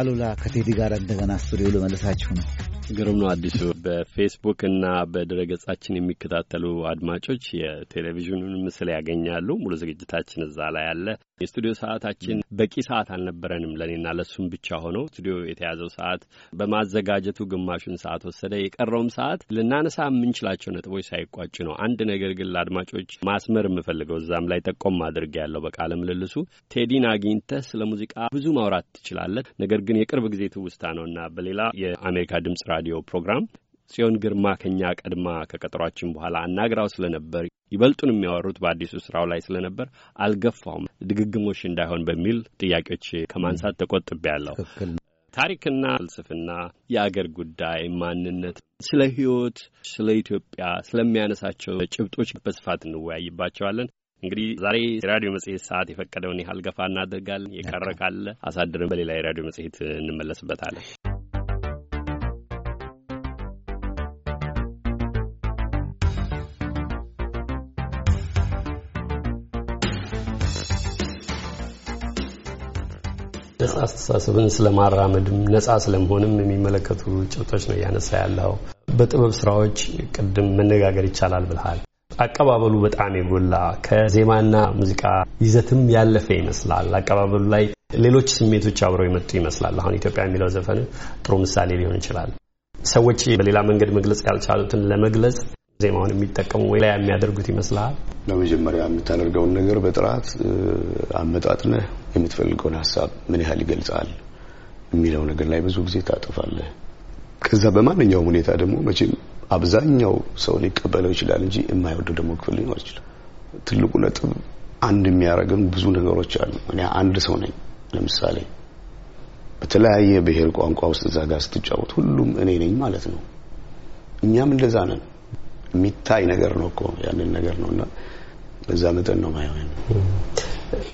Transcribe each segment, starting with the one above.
አሉላ ከቴዲ ጋር እንደገና ስቱዲዮ ልመልሳችሁ ነው። ግሩም ነው አዲሱ። በፌስቡክ እና በድረገጻችን የሚከታተሉ አድማጮች የቴሌቪዥኑን ምስል ያገኛሉ። ሙሉ ዝግጅታችን እዛ ላይ አለ። የስቱዲዮ ሰዓታችን በቂ ሰዓት አልነበረንም ለእኔና ለሱም ብቻ ሆነው ስቱዲዮ የተያዘው ሰዓት በማዘጋጀቱ ግማሹን ሰዓት ወሰደ። የቀረውም ሰዓት ልናነሳ የምንችላቸው ነጥቦች ሳይቋጭ ነው። አንድ ነገር ግን ለአድማጮች ማስመር የምፈልገው እዛም ላይ ጠቆም አድርጌ ያለው በቃለ ምልልሱ ቴዲን አግኝተህ ስለ ሙዚቃ ብዙ ማውራት ትችላለህ፣ ነገር ግን የቅርብ ጊዜ ትውስታ ነውና በሌላ የአሜሪካ ድምጽ ራዲዮ ፕሮግራም ጽዮን ግርማ ከኛ ቀድማ ከቀጠሯችን በኋላ አናግራው ስለነበር ይበልጡን የሚያወሩት በአዲሱ ስራው ላይ ስለነበር አልገፋውም፣ ድግግሞሽ እንዳይሆን በሚል ጥያቄዎች ከማንሳት ተቆጥቤያለሁ። ታሪክና ፍልስፍና፣ የአገር ጉዳይ፣ ማንነት፣ ስለ ህይወት፣ ስለ ኢትዮጵያ ስለሚያነሳቸው ጭብጦች በስፋት እንወያይባቸዋለን። እንግዲህ ዛሬ የራዲዮ መጽሔት ሰዓት የፈቀደውን ያህል ገፋ እናደርጋለን። የቀረ ካለ አሳድርን በሌላ የራዲዮ መጽሔት እንመለስበታለን። ነጻ አስተሳሰብን ስለማራመድም ነጻ ስለመሆንም የሚመለከቱ ጭብጦች ነው እያነሳ ያለው። በጥበብ ስራዎች ቅድም መነጋገር ይቻላል ብልሃል። አቀባበሉ በጣም የጎላ ከዜማና ሙዚቃ ይዘትም ያለፈ ይመስላል። አቀባበሉ ላይ ሌሎች ስሜቶች አብረው የመጡ ይመስላል። አሁን ኢትዮጵያ የሚለው ዘፈን ጥሩ ምሳሌ ሊሆን ይችላል። ሰዎች በሌላ መንገድ መግለጽ ያልቻሉትን ለመግለጽ ዜማውን የሚጠቀሙ ወይ ላይ የሚያደርጉት ይመስልሃል? ለመጀመሪያ የምታደርገውን ነገር በጥራት አመጣጥነህ የምትፈልገውን ሀሳብ ምን ያህል ይገልጻል የሚለው ነገር ላይ ብዙ ጊዜ ታጠፋለህ። ከዛ በማንኛውም ሁኔታ ደግሞ መቼም አብዛኛው ሰው ሊቀበለው ይችላል እንጂ የማይወደው ደግሞ ክፍል ሊኖር ይችላል። ትልቁ ነጥብ አንድ የሚያደርገን ብዙ ነገሮች አሉ። እኔ አንድ ሰው ነኝ። ለምሳሌ በተለያየ ብሔር ቋንቋ ውስጥ እዛ ጋር ስትጫወት ሁሉም እኔ ነኝ ማለት ነው። እኛም እንደዛ ነን። የሚታይ ነገር ነው እኮ ያንን ነገር እና በዛ መጠን ነው ማየው።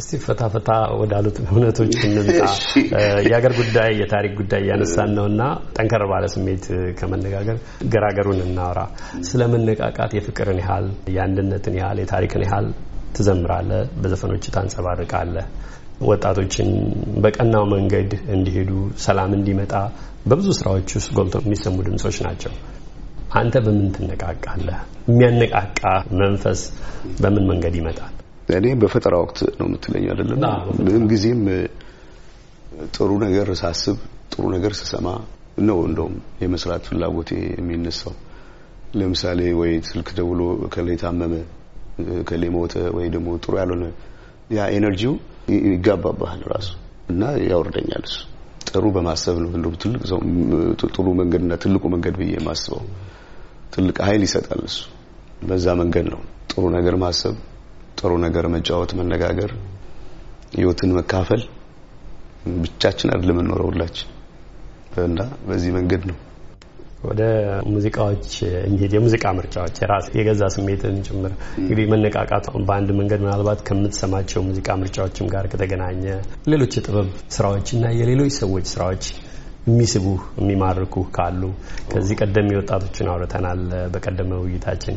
እስቲ ፈታፈታ ወዳሉት እውነቶች እንምጣ። የሀገር ጉዳይ የታሪክ ጉዳይ እያነሳን ነውና ጠንከር ባለ ስሜት ከመነጋገር ገራገሩን እናውራ። ስለ መነቃቃት የፍቅርን ያህል የአንድነትን ያህል የታሪክን ያህል ትዘምራለ በዘፈኖች ታንጸባርቃለ ወጣቶችን በቀናው መንገድ እንዲሄዱ ሰላም እንዲመጣ በብዙ ስራዎች ውስጥ ጎልቶ የሚሰሙ ድምጾች ናቸው። አንተ በምን ትነቃቃለህ? የሚያነቃቃ መንፈስ በምን መንገድ ይመጣል? እኔ በፈጠራ ወቅት ነው የምትለኝ አይደለም። ምንም ጊዜም ጥሩ ነገር ሳስብ፣ ጥሩ ነገር ስሰማ ነው እንደውም የመስራት ፍላጎቴ የሚነሳው። ለምሳሌ ወይ ስልክ ደውሎ ከሌ ታመመ፣ ከሌ ሞተ፣ ወይ ደግሞ ጥሩ ያልሆነ ያ ኤነርጂው ይጋባባሃል ራሱ እና ያወርደኛል እሱ ጥሩ በማሰብ ነው እንደውም ትልቅ ሰው ጥሩ መንገድና ትልቁ መንገድ ብዬ የማስበው። ትልቅ ኃይል ይሰጣል። እሱ በዛ መንገድ ነው ጥሩ ነገር ማሰብ፣ ጥሩ ነገር መጫወት፣ መነጋገር፣ ህይወትን መካፈል። ብቻችን አይደለም የምንኖረው ሁላችን እና በዚህ መንገድ ነው ወደ ሙዚቃዎች እንሂድ። የሙዚቃ ምርጫዎች የራስ የገዛ ስሜትን ጭምር እንግዲህ መነቃቃት በአንድ መንገድ ምናልባት ከምትሰማቸው ሙዚቃ ምርጫዎችም ጋር ከተገናኘ ሌሎች የጥበብ ስራዎች እና የሌሎች ሰዎች ስራዎች የሚስቡ የሚማርኩ ካሉ ከዚህ ቀደም የወጣቶችን አውርተናል። በቀደመ ውይይታችን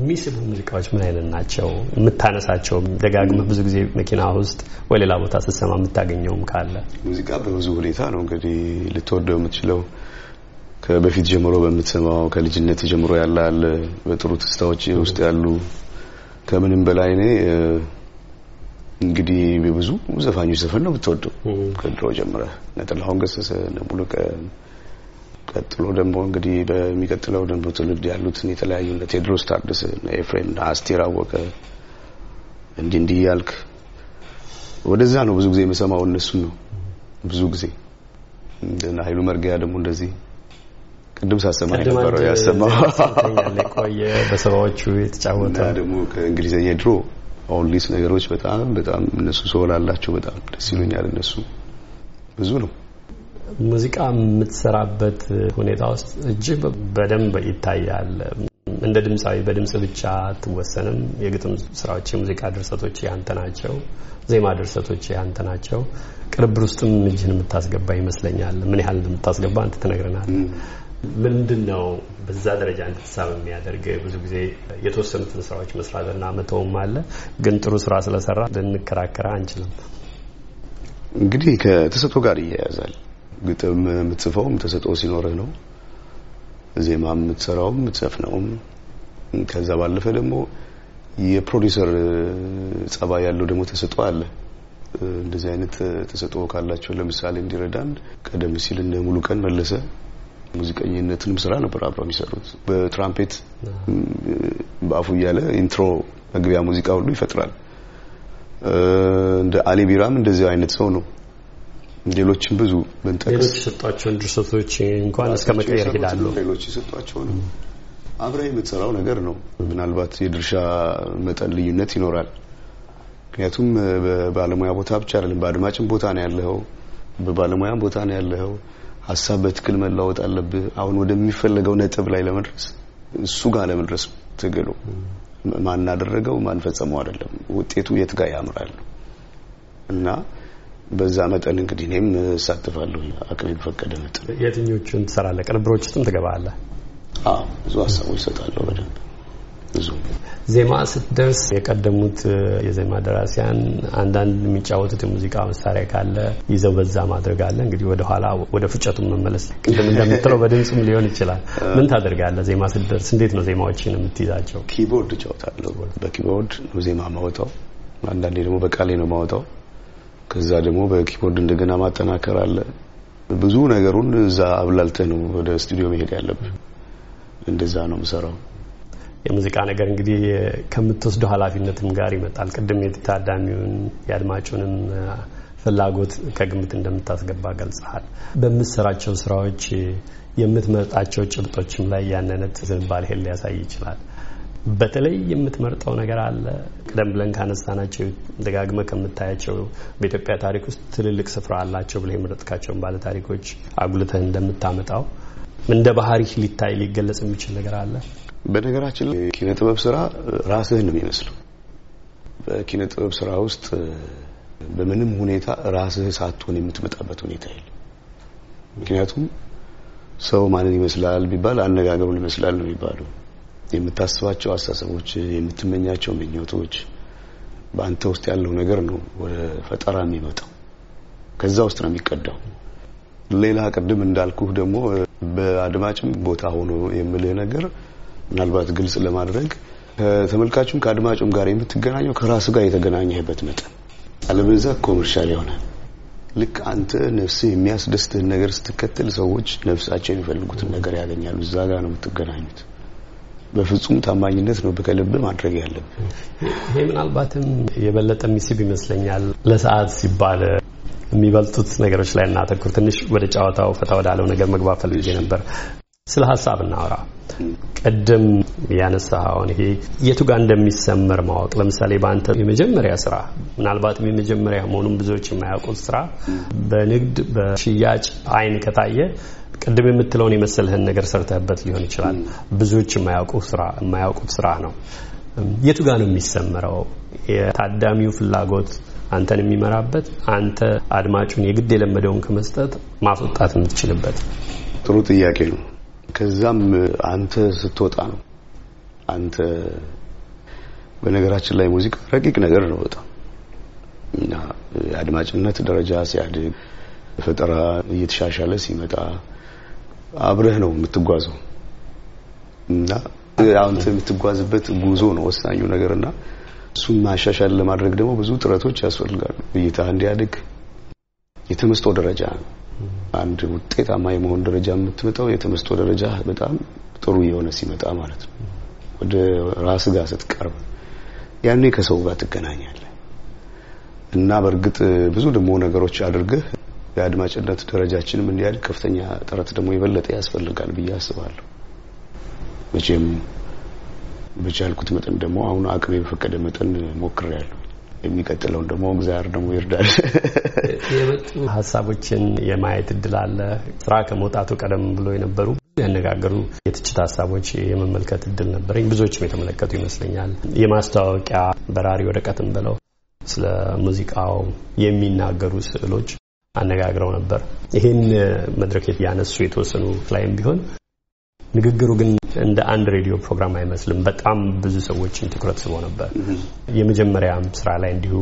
የሚስቡ ሙዚቃዎች ምን አይነት ናቸው? የምታነሳቸው ደጋግመህ ብዙ ጊዜ መኪና ውስጥ ወይ ሌላ ቦታ ስትሰማ የምታገኘውም ካለ ሙዚቃ በብዙ ሁኔታ ነው እንግዲህ ልትወደው የምትችለው በፊት ጀምሮ በምትሰማው ከልጅነት ጀምሮ ያላል በጥሩ ትስታዎች ውስጥ ያሉ ከምንም በላይ እኔ እንግዲህ ብዙ ዘፋኞች ዘፈን ነው የምትወደው ከድሮ ጀምረ እነ ገሰሰ እነ ቀጥሎ ደግሞ እንግዲህ በሚቀጥለው ደግሞ ትውልድ ያሉትን የተለያዩ እነ ቴዎድሮስ ታደሰ እነ ኤፍሬም እነ አስቴር አወቀ እንዲህ እንዲህ እያልክ ወደዛ ነው ብዙ ጊዜ የምሰማው እነሱን ነው ብዙ ጊዜ እንደና ኃይሉ መርጊያ ደግሞ እንደዚህ ቅድም ሳሰማ ነበረው ያሰማው ቆየ በሰባዎቹ የተጫወተ ደግሞ ከእንግሊዝኛ ድሮ ኦንሊስ ነገሮች በጣም በጣም እነሱ ሶል አላቸው። በጣም ደስ ይሉኛል። እነሱ ብዙ ነው። ሙዚቃ የምትሰራበት ሁኔታ ውስጥ እጅግ በደንብ ይታያል። እንደ ድምፃዊ በድምፅ ብቻ አትወሰንም። የግጥም ስራዎች፣ የሙዚቃ ድርሰቶች ያንተ ናቸው። ዜማ ድርሰቶች ያንተ ናቸው። ቅርብር ውስጥም እጅህን የምታስገባ ይመስለኛል። ምን ያህል እንደምታስገባ አንተ ትነግረናል። ምንድን ነው በዛ ደረጃ እንድትሳብ የሚያደርግ? ብዙ ጊዜ የተወሰኑትን ስራዎች መስራትና መተውም አለ፣ ግን ጥሩ ስራ ስለሰራ ልንከራከር አንችልም። እንግዲህ ከተሰጦ ጋር ይያያዛል። ግጥም የምትጽፈውም ተሰጦ ሲኖርህ ነው። ዜማ የምትሰራውም የምትዘፍነውም። ከዛ ባለፈ ደግሞ የፕሮዲውሰር ጸባይ ያለው ደግሞ ተሰጦ አለ። እንደዚህ አይነት ተሰጦ ካላቸው ለምሳሌ እንዲረዳን ቀደም ሲል እንደ ሙሉ ቀን መለሰ ሙዚቀኝነትንም ስራ ነበር አብረው የሚሰሩት። በትራምፔት በአፉ እያለ ኢንትሮ መግቢያ ሙዚቃ ሁሉ ይፈጥራል። እንደ አሊ ቢራም እንደዚህ አይነት ሰው ነው። ሌሎችም ብዙ ብንጠቅስ ሌሎች የሰጧቸውን ድርሰቶች እንኳን እስከ መቀየር ይሄዳሉ። ሌሎች የሰጧቸውን አብረህ የምትሰራው ነገር ነው። ምናልባት የድርሻ መጠን ልዩነት ይኖራል። ምክንያቱም በባለሙያ ቦታ ብቻ አይደለም፣ በአድማጭም ቦታ ነው ያለው፣ በባለሙያም ቦታ ነው ያለው። ሀሳብ በትክክል መለዋወጥ አለብህ። አሁን ወደሚፈለገው ነጥብ ላይ ለመድረስ እሱ ጋር ለመድረስ ትግሉ ማን አደረገው ማን ፈጸመው አይደለም፣ ውጤቱ የት ጋር ያምራል እና በዛ መጠን እንግዲህ እኔም እሳተፋለሁ አቅሜ በፈቀደ መጠን። የትኞቹን ትሰራለህ? ቅንብሮች ውስጥም አዎ ብዙ ሀሳቦች እሰጣለሁ በደንብ ብዙ ዜማ ስትደርስ የቀደሙት የዜማ ደራሲያን አንዳንድ የሚጫወቱት የሙዚቃ መሳሪያ ካለ ይዘው በዛ ማድረግ አለ። እንግዲህ ወደኋላ ወደ ፍጨቱን መመለስ ቅድም እንደምትለው በድምፅም ሊሆን ይችላል። ምን ታደርጋለህ? ዜማ ስትደርስ እንዴት ነው ዜማዎችን የምትይዛቸው? ኪቦርድ እጫወታለሁ። በኪቦርድ ነው ዜማ ማወጣው። አንዳንዴ ደግሞ በቃሌ ነው ማወጣው። ከዛ ደግሞ በኪቦርድ እንደገና ማጠናከር አለ። ብዙ ነገሩን እዛ አብላልተ ነው ወደ ስቱዲዮ መሄድ ያለብህ። እንደዛ ነው የምሰራው። የሙዚቃ ነገር እንግዲህ ከምትወስደው ኃላፊነትም ጋር ይመጣል። ቅድም የታዳሚውን የአድማጩንም ፍላጎት ከግምት እንደምታስገባ ገልጸሃል። በምትሰራቸው ስራዎች የምትመርጣቸው ጭብጦችም ላይ ያንነት ዝንባሌ ሊያሳይ ይችላል። በተለይ የምትመርጠው ነገር አለ? ቀደም ብለን ካነሳናቸው ደጋግመ ከምታያቸው በኢትዮጵያ ታሪክ ውስጥ ትልልቅ ስፍራ አላቸው ብለህ የመረጥካቸውን ባለ ታሪኮች አጉልተህ እንደምታመጣው እንደ ባህሪህ ሊታይ ሊገለጽ የሚችል ነገር አለ? በነገራችን ላይ ኪነ ጥበብ ስራ ራስህን ነው የሚመስለው። በኪነ ጥበብ ስራ ውስጥ በምንም ሁኔታ ራስህ ሳትሆን የምትመጣበት ሁኔታ የለም። ምክንያቱም ሰው ማንን ይመስላል ቢባል አነጋገሩን ይመስላል ነው የሚባለው። የምታስባቸው አስተሳሰቦች፣ የምትመኛቸው ምኞቶች፣ በአንተ ውስጥ ያለው ነገር ነው ወደ ፈጠራ የሚመጣው። ከዛ ውስጥ ነው የሚቀዳው። ሌላ ቅድም እንዳልኩህ ደግሞ በአድማጭም ቦታ ሆኖ የምልህ ነገር ምናልባት ግልጽ ለማድረግ ከተመልካቹም ከአድማጩም ጋር የምትገናኘው ከራሱ ጋር የተገናኘህበት መጠን አለበዛ ኮመርሻል ይሆናል። ልክ አንተ ነፍስህ የሚያስደስትህን ነገር ስትከተል ሰዎች ነፍሳቸው የሚፈልጉትን ነገር ያገኛሉ። እዛ ጋር ነው የምትገናኙት። በፍጹም ታማኝነት ነው በከልብ ማድረግ ያለብ። ይሄ ምናልባትም የበለጠ ሚስብ ይመስለኛል። ለሰዓት ሲባል የሚበልጡት ነገሮች ላይ እናተኩር። ትንሽ ወደ ጨዋታው ፈታ ወዳለው ነገር መግባት ፈልጌ ነበር። ስለ ሀሳብ እናወራ። ቅድም ያነሳኸውን ይሄ የቱ ጋር እንደሚሰመር ማወቅ ለምሳሌ በአንተ የመጀመሪያ ስራ ምናልባትም የመጀመሪያ መሆኑን ብዙዎች የማያውቁት ስራ በንግድ በሽያጭ አይን ከታየ ቅድም የምትለውን የመሰልህን ነገር ሰርተህበት ሊሆን ይችላል። ብዙዎች የማያውቁት ስራ ነው። የቱ ጋር ነው የሚሰመረው? የታዳሚው ፍላጎት አንተን የሚመራበት አንተ አድማጩን የግድ የለመደውን ከመስጠት ማስወጣት የምትችልበት ጥሩ ጥያቄ ነው። ከዛም አንተ ስትወጣ ነው አንተ በነገራችን ላይ ሙዚቃ ረቂቅ ነገር ነው በጣም እና የአድማጭነት ደረጃ ሲያድግ ፈጠራ እየተሻሻለ ሲመጣ አብረህ ነው የምትጓዘው እና አንተ የምትጓዝበት ጉዞ ነው ወሳኙ ነገር እና እሱን ማሻሻል ለማድረግ ደግሞ ብዙ ጥረቶች ያስፈልጋሉ። እይታ እንዲያድግ የተመስጦ ደረጃ ነው። አንድ ውጤታማ የመሆን ደረጃ የምትመጣው የተመስጦ ደረጃ በጣም ጥሩ የሆነ ሲመጣ ማለት ነው። ወደ ራስ ጋር ስትቀርብ ያኔ ከሰው ጋር ትገናኛለህ እና በእርግጥ ብዙ ደግሞ ነገሮች አድርገህ የአድማጭነት ደረጃችንም እንዲያድግ ከፍተኛ ጥረት ደግሞ የበለጠ ያስፈልጋል ብዬ አስባለሁ። መቼም በቻልኩት መጠን ደግሞ አሁን አቅሜ በፈቀደ መጠን ሞክሬያለሁ። የሚቀጥለውን ደግሞ እግዚአብሔር ደግሞ ይርዳል። የመጡ ሀሳቦችን የማየት እድል አለ። ስራ ከመውጣቱ ቀደም ብሎ የነበሩ ያነጋገሩ የትችት ሀሳቦች የመመልከት እድል ነበረኝ። ብዙዎችም የተመለከቱ ይመስለኛል። የማስታወቂያ በራሪ ወረቀትም ብለው ስለ ሙዚቃው የሚናገሩ ስዕሎች አነጋግረው ነበር። ይህን መድረክ ያነሱ የተወሰኑ ላይም ቢሆን ንግግሩ ግን እንደ አንድ ሬዲዮ ፕሮግራም አይመስልም። በጣም ብዙ ሰዎችን ትኩረት ስቦ ነበር። የመጀመሪያም ስራ ላይ እንዲሁ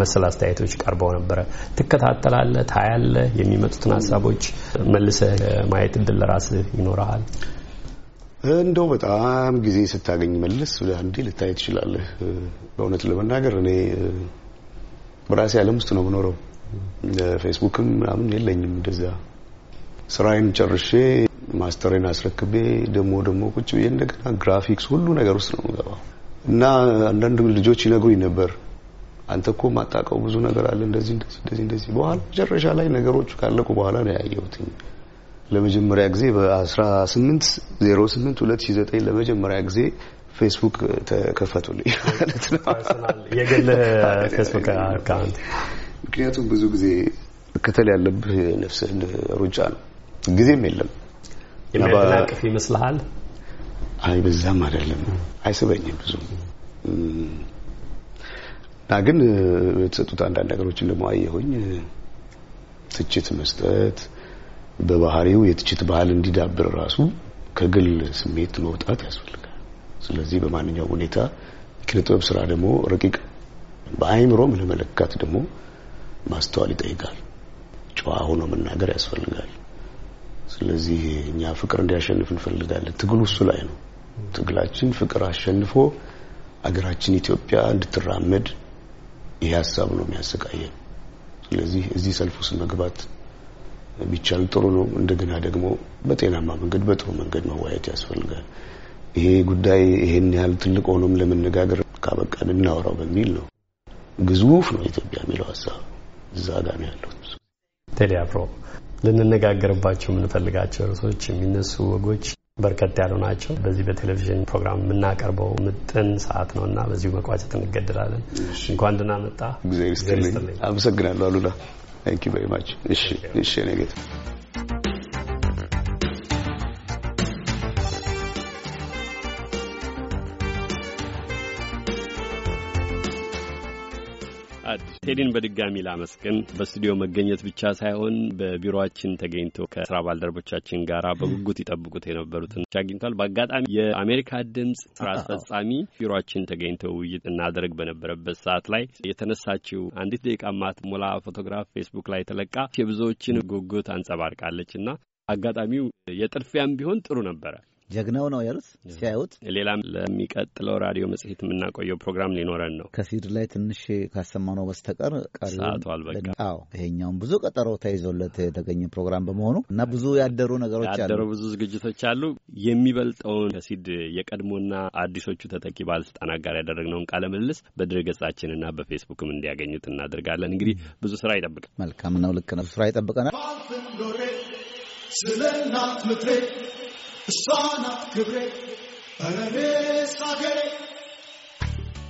መሰል አስተያየቶች ቀርበው ነበረ። ትከታተላለ ታያለ የሚመጡትን ሀሳቦች መልሰ ማየት እድል ለራስህ ይኖረሃል። እንደው በጣም ጊዜ ስታገኝ መልስ አንዴ ልታይ ትችላለህ። በእውነት ለመናገር እኔ በራሴ ዓለም ውስጥ ነው የምኖረው። ፌስቡክም ምናምን የለኝም እንደዛ ስራዬን ጨርሼ ማስተሬን አስረክቤ ደሞ ደሞ ቁጭ ብዬ እንደገና ግራፊክስ ሁሉ ነገር ውስጥ ነው የምገባው እና አንዳንድ ልጆች ይነግሩኝ ነበር አንተ እኮ ማጣቀው ብዙ ነገር አለ እንደዚህ እንደዚህ እንደዚህ እንደዚህ። በኋላ መጨረሻ ላይ ነገሮቹ ካለቁ በኋላ ነው ያየሁትኝ። ለመጀመሪያ ጊዜ በ1808 2009 ለመጀመሪያ ጊዜ ፌስቡክ ተከፈቱልኝ ማለት ነው። የግል ፌስቡክ አካውንት ምክንያቱም ብዙ ጊዜ ክተል ያለብህ ነፍስህ ሩጫ ነው፣ ጊዜም የለም። የሚያደናቅፍ ይመስልሃል? አይ በዛም አይደለም አይስበኝም ብዙ እና ግን የተሰጡት አንዳንድ ነገሮችን ደግሞ አየሁኝ። ትችት መስጠት በባህሪው የትችት ባህል እንዲዳብር ራሱ ከግል ስሜት መውጣት ያስፈልጋል። ስለዚህ በማንኛውም ሁኔታ የኪነ ጥበብ ስራ ደግሞ ረቂቅ በአይምሮም ለመለካት ደግሞ ማስተዋል ይጠይቃል። ጨዋ ሆኖ መናገር ያስፈልጋል። ስለዚህ እኛ ፍቅር እንዲያሸንፍ እንፈልጋለን። ትግሉ እሱ ላይ ነው። ትግላችን ፍቅር አሸንፎ አገራችን ኢትዮጵያ እንድትራመድ ይሄ ሀሳብ ነው የሚያሰቃየን። ስለዚህ እዚህ ሰልፍ ውስጥ መግባት ቢቻል ጥሩ ነው። እንደገና ደግሞ በጤናማ መንገድ በጥሩ መንገድ መዋየት ያስፈልጋል። ይሄ ጉዳይ ይሄን ያህል ትልቅ ሆኖም ለመነጋገር ካበቃን እናወራው በሚል ነው። ግዙፍ ነው ኢትዮጵያ የሚለው ሀሳብ እዛ ጋር ነው ያለው ቴሌ አፍሮ ልንነጋገርባቸው የምንፈልጋቸው ርዕሶች፣ የሚነሱ ወጎች በርከት ያሉ ናቸው። በዚህ በቴሌቪዥን ፕሮግራም የምናቀርበው ምጥን ሰዓት ነው እና በዚሁ መቋጨት እንገድላለን። እንኳን ደህና መጣ። እግዚአብሔር ይስጥልኝ። አመሰግናለሁ አሉላ። ታንክ ዩ ቬሪ ማች። እሺ እሺ ቴዲን በድጋሚ ላመስግን። በስቱዲዮ መገኘት ብቻ ሳይሆን በቢሮችን ተገኝቶ ከስራ ባልደረቦቻችን ጋር በጉጉት ይጠብቁት የነበሩትን አግኝቷል። በአጋጣሚ የአሜሪካ ድምፅ ስራ አስፈጻሚ ቢሮችን ተገኝተው ውይይት እናደርግ በነበረበት ሰዓት ላይ የተነሳችው አንዲት ደቂቃ ማትሞላ ፎቶግራፍ ፌስቡክ ላይ ተለቃ የብዙዎችን ጉጉት አንጸባርቃለች እና አጋጣሚው የጥልፍያም ቢሆን ጥሩ ነበረ። ጀግናው ነው ያሉት ሲያዩት። ሌላም ለሚቀጥለው ራዲዮ መጽሔት የምናቆየው ፕሮግራም ሊኖረን ነው። ከሲድ ላይ ትንሽ ካሰማነው በስተቀር ሰዓቱ አልበቃም። ይሄኛውም ብዙ ቀጠሮ ተይዞለት የተገኘ ፕሮግራም በመሆኑ እና ብዙ ያደሩ ነገሮች አሉ፣ ያደሩ ብዙ ዝግጅቶች አሉ። የሚበልጠውን ከሲድ የቀድሞና አዲሶቹ ተተኪ ባለስልጣናት ጋር ያደረግነውን ቃለ ምልልስ በድረ ገጻችንና በፌስቡክም እንዲያገኙት እናደርጋለን። እንግዲህ ብዙ ስራ ይጠብቃል። መልካም ነው። ልክ ነው። ስራ ይጠብቀናል። ስለ እናት ምድሬ ክብሬ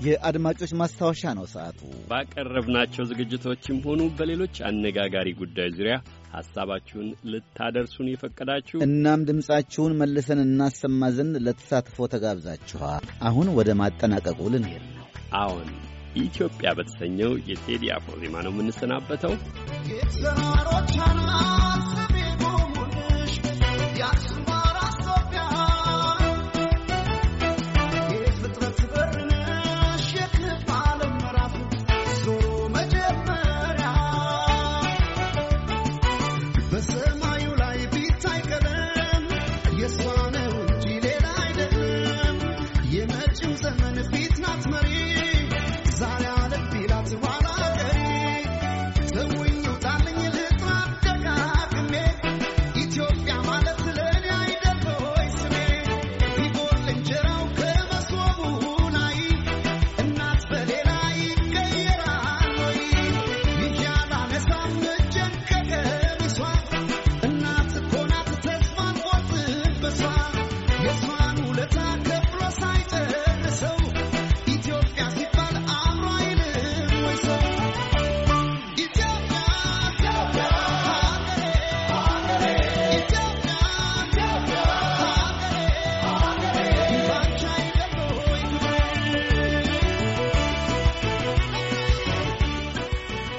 የአድማጮች ማስታወሻ ነው። ሰዓቱ ባቀረብናቸው ዝግጅቶችም ሆኑ በሌሎች አነጋጋሪ ጉዳዮች ዙሪያ ሐሳባችሁን ልታደርሱን የፈቀዳችሁ እናም ድምፃችሁን መልሰን እናሰማ ዘንድ ለተሳትፎ ተጋብዛችኋል። አሁን ወደ ማጠናቀቁ ልንሄድ ነው። አዎን ኢትዮጵያ በተሰኘው የቴዲ አፎ ዜማ ነው የምንሰናበተው።